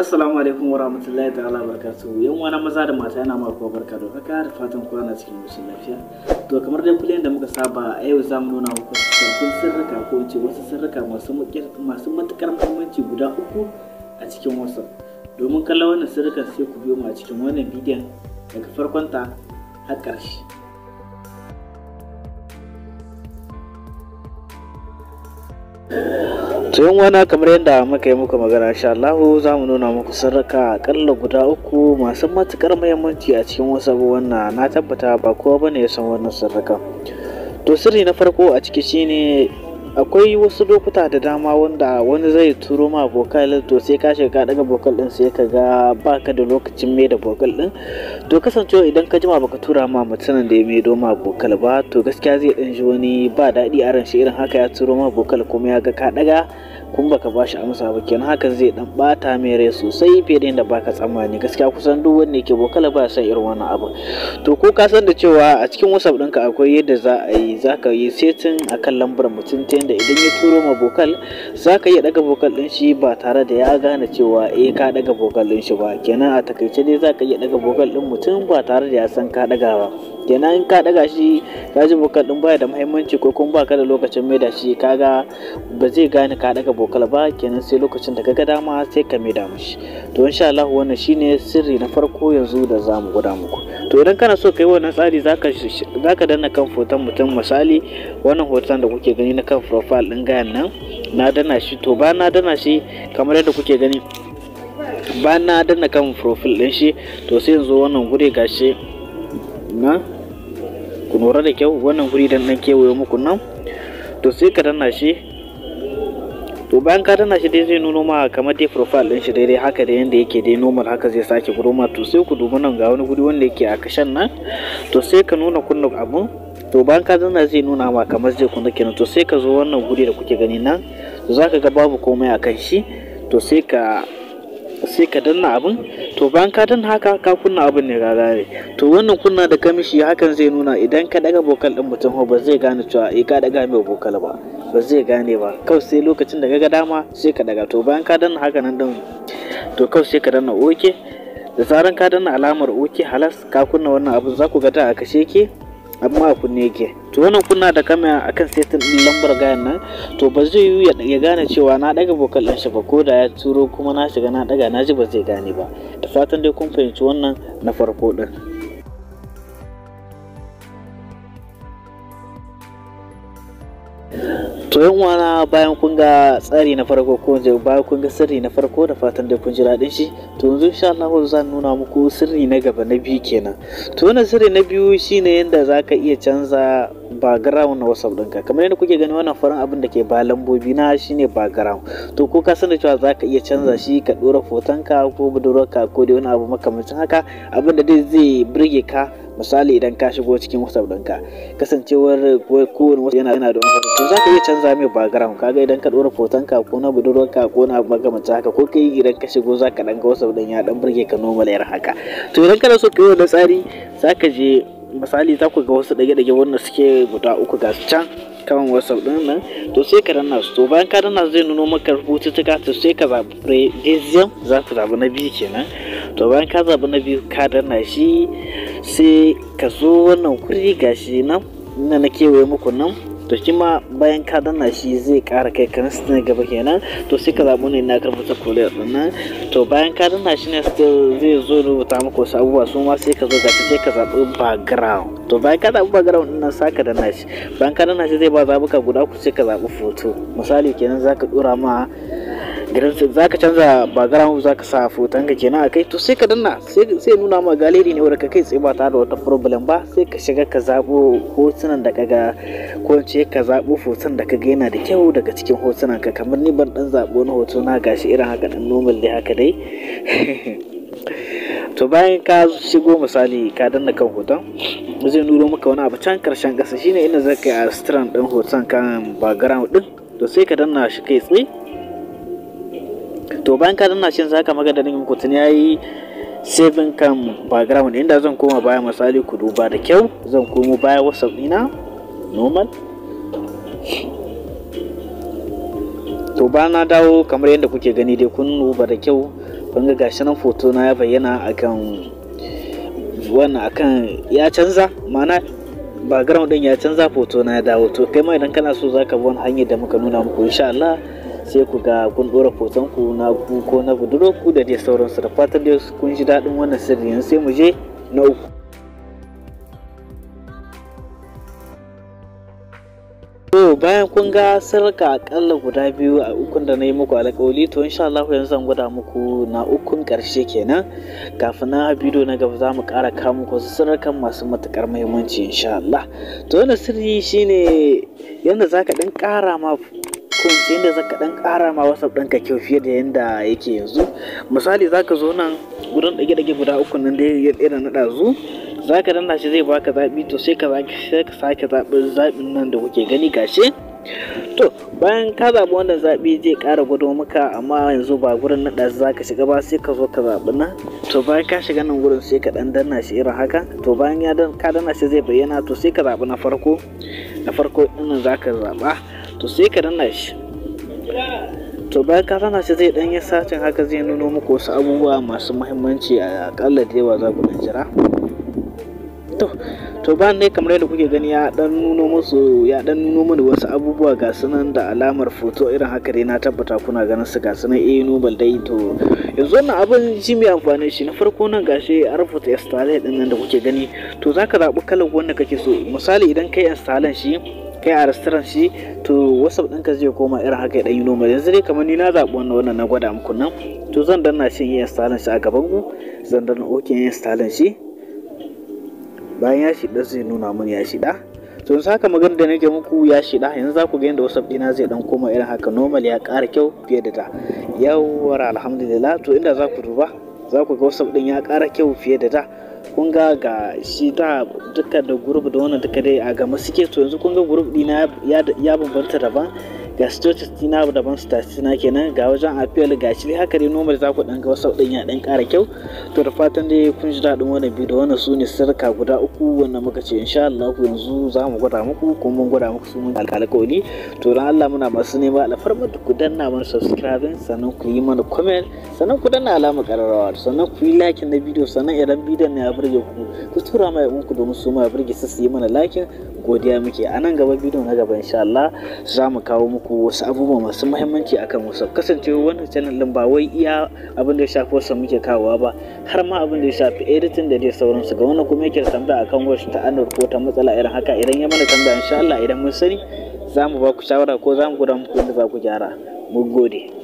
assalamu alaikum wa rahmatullahi ta'ala barkatu yan wani maza da mata yana mako barka da haka da fatan kwana cikin musu lafiya to kamar dai kullum da muka saba a yau za mu nuna muku sabbin sirrika ko ce wasu sirrika masu matukar muhimmanci guda uku a cikin wasu domin kallon wannan sirrika sai ku biyo mu a cikin wannan bidiyon daga farkon ta har ƙarshe to yan wana kamar yadda muka yi muku magana insha Allah za mu nuna muku sarraka akalla guda uku masu matukar muhimmanci a cikin wasu na na tabbata ba kowa bane ya san wannan sarraka to sirri na farko a ciki shine akwai wasu lokuta da dama wanda wani zai turo ma bokal to sai ka shiga daga bokal din sai ka ga baka da lokacin mai da bokal din to kasancewa idan ka jima baka tura ma mutumin da ya mai doma bokal ba to gaskiya zai dan ji wani ba daɗi a ran shi irin haka ya turo ma bokal kuma ya ga ka daga kun baka ba shi amsa ba kenan hakan zai dan bata mai rai sosai fiye da yadda baka tsammani gaskiya kusan duk wanda yake bokal ba san irin wannan abu to ko ka san da cewa a cikin whatsapp ɗinka akwai yadda za a yi za ka yi setin akan lambar mutum yadda idan ya turo ma bokal za ka iya daga bokal din shi ba tare da ya gane cewa eh ka daga bokal din shi ba kenan a takaice dai za ka iya daga bokal din mutum ba tare da ya san ka daga ba kenan in ka daga shi ka ji bokal din baya da muhimmanci ko kuma baka da lokacin maida shi kaga ba zai gane ka daga bokal ba kenan sai lokacin da ka ga dama sai ka maida mishi to insha Allah wannan shine sirri na farko yanzu da zamu gwada muku to idan kana so ka yi wannan tsari za ka danna kan hoton mutum misali wannan hoton da kuke gani na kan profile ɗin gayan nan na danna shi to ba na danna shi kamar yadda kuke gani ba na danna kan profile ɗin shi to sai yanzu wannan gure gashi na ku lura da kyau wannan guri dan dan kewaye muku nan to sai ka danna shi to bayan ka tana shi dai zai nuno ma kamar dai profile din shi daidai haka da yanda yake dai normal haka zai sake guroma to sai ku dubi nan ga wani guri wanda yake a kashan nan to sai ka nuna kunna abun to bayan ka danna zai nuna ma kamar zai kunna kenan to sai ka zo wannan guri da kuke gani nan to zaka ga babu komai akan shi to sai ka sai ka danna abin to bayan ka danna haka ka kunna abin ne gagare to wannan kunna da kamishi hakan zai nuna idan ka daga bokal din mutum ba zai gane cewa eh ka daga mai bokal ba ba zai gane ba kawai sai lokacin da ga dama sai ka daga to bayan ka danna haka nan din to kawai sai ka danna oke da zaran ka danna alamar oke halas ka kunna wannan abin za ku ga ta a kashe ke amma a kunne ke to wannan kunna da kamera akan setin din lambar gayan nan to ba zai yi ya gane cewa na daga bokal din shi ba ko da ya turo kuma na shiga na daga na ji ba zai gane ba da fatan dai kun fahimci wannan na farko din to yan wana bayan kun ga tsari na farko ko bayan kun ga sirri na farko da fatan da kun ji daɗin shi to yanzu insha Allah zan nuna muku sirri na gaba na biyu kenan to wannan sirri na biyu shine yanda zaka iya canza background na WhatsApp ɗinka kamar yadda kuke gani wannan farin abin da ke ba lambobi na shine background to ko ka sani cewa zaka iya canza shi ka ɗora fotonka ko budurwarka ko dai wani abu makamancin haka abin da zai birge ka misali idan ka shigo cikin whatsapp ɗinka kasancewar kowane wasu yana da wani to za ka iya canza mai background kaga idan ka ɗora hoton ka ko na budurwar ka ko na magamancin haka ko kai idan ka shigo za ka ɗan ga whatsapp ɗin ya ɗan burge ka normal yar haka to idan kana so ka yi wannan tsari za ka je misali za ku ga wasu ɗage-ɗage wanda suke guda uku ga can kan whatsapp ɗin nan to sai ka danna su to bayan ka danna zai nuno maka rubututtuka to sai ka zaɓi prezium za ka zaɓi na biyu kenan to bayan ka zaɓi na biyu ka danna shi sai ka zo wannan kuri shi nan na na kewaye muku nan to shi ma bayan ka danna shi zai kara kai kan na gaba kenan to sai ka zaɓi ne na karfata kore nan to bayan ka danna shi ne zai zo rubuta muku wasu abubuwa su ma sai ka zo gashi sai ka zaɓi background to bayan ka zaɓi background ɗin nan saka da shi bayan ka danna shi zai ba zaɓuka guda ku sai ka zaɓi foto misali kenan zaka ɗora ma garin za ka canza background za ka sa foton ka kenan akai to sai ka danna sai nuna ma galeri ne wadda kai tsaye ba tare da wata problem ba sai ka shiga ka zabo hotunan da kaga ko ce ka zabo hoton da kaga yana da kyau daga cikin hotunan ka kamar ni ban dan zaɓo wani hoto na gashi irin haka dan normal dai haka dai to bayan ka shigo misali ka danna kan hoton zai nuno maka wani abu can karshen kasa shine inda zaka yi a strand din hoton kan background din to sai ka danna shi kai tsaye to bayan ka danna shi zaka maka da tun kutun yayi sevin kan background inda zan koma baya misali ku duba da kyau zan komo baya whatsapp dina normal to ba na dawo kamar yadda kuke gani dai kun duba da kyau kun ga gashi nan foto na ya bayyana akan wannan akan ya canza mana background din ya canza foto na ya dawo to kai ma idan kana so zaka bi wani hanyar da muka nuna muku insha Allah sai ku ga kun ɗora hoton ku na ku ko na budurku da dai sauransu da fatan da kun ji daɗin wannan sirri yanzu sai mu je na uku. To bayan kun ga sarka akalla guda biyu a ukun da na yi muku alƙawali to insha Allah yanzu zan gwada muku na ukun ƙarshe kenan kafin na bidiyo na gaba za mu ƙara kawo muku sarkan masu matuƙar muhimmanci insha Allah. To wannan sirri shine yadda zaka ka ƙara ma ko in ce yadda zaka dan ƙara ma WhatsApp ɗinka kyau fiye da yadda yake yanzu misali zaka zo nan gurin ɗage-ɗage guda uku nan da ya ɗaya na ɗazu zaka danna shi zai baka zaɓi to sai ka sake zaɓin zaɓin nan da kuke gani gashi to bayan ka zaɓi wannan zaɓi zai ƙara gudu maka amma yanzu ba gurin naɗa za ka shiga ba sai ka zo ka zaɓi nan to bayan ka shiga nan gurin sai ka ɗan danna shi irin haka to bayan ya ka danna shi zai bayyana to sai ka zaɓi na farko na farko ɗin za ka zaɓa to sai ka danna shi to bayan ka danna shi zai dan yi satin haka zai nuno muku wasu abubuwa masu muhimmanci a akalla da yawa za ku dan jira to to bayan ne kamar yadda kuke gani ya dan nuno musu ya dan nuno mini wasu abubuwa ga sunan da alamar foto irin haka dai na tabbata kuna ganin su ga sunan eh nobel dai to yanzu wannan abin shi mai amfani shi na farko nan gashi a rubuta installer din nan da kuke gani to zaka zabi kalar wanda kake so misali idan kai installer shi kai a restaurant shi to whatsapp ɗinka zai koma irin haka ya ɗanyi noma yanzu dai kamar ni na zaɓi wannan wannan na gwada muku nan to zan danna shi yin installing shi a gaban ku zan danna ok yin installing shi bayan ya shida zai nuna mun ya shida to yanzu haka magana da nake muku ya shida yanzu za ku ga yadda whatsapp ɗina zai ɗan koma irin haka normal ya ƙara kyau fiye da da yawwa alhamdulillah to inda za ku duba za ku ga whatsapp ɗin ya ƙara kyau fiye da da Kunga ga shi da duka da group da wannan duka dai a gama suke to yanzu kun ga group dina ya bambanta daban ga status dina daban status na kenan ga wajen appeal ga shi haka dai nomar za ku dan wasu din ya dan ƙara kyau to da fatan dai kun ji daɗin wannan bidiyo wannan su ne sarka guda uku wanda muka ce insha Allah yanzu za mu gwada muku kuma mun gwada muku su mun alƙalƙoli to dan Allah muna masu nema alfarmar ku danna mana subscribe sannan ku yi mana comment sannan ku danna alamar ƙararrawa sannan ku yi like na bidiyo sannan idan bidiyon ne ya burge ku ku tura mai ya ku domin su ma ya burge su su yi mana like godiya muke a nan gaba bidiyo na gaba insha Allah za mu kawo muku wasu abubuwa masu muhimmanci akan wasu kasance wannan channel din ba wai iya abin da ya shafi wasu muke kawowa ba har ma abin da ya shafi editing da dai sauransu ga wannan kuma yake tambaya akan wasu ta'annar ko ta matsala irin haka idan ya mana tambaya insha Allah idan mun sani za mu ba ku shawara ko za mu gudanar muku yadda za ku gyara mun gode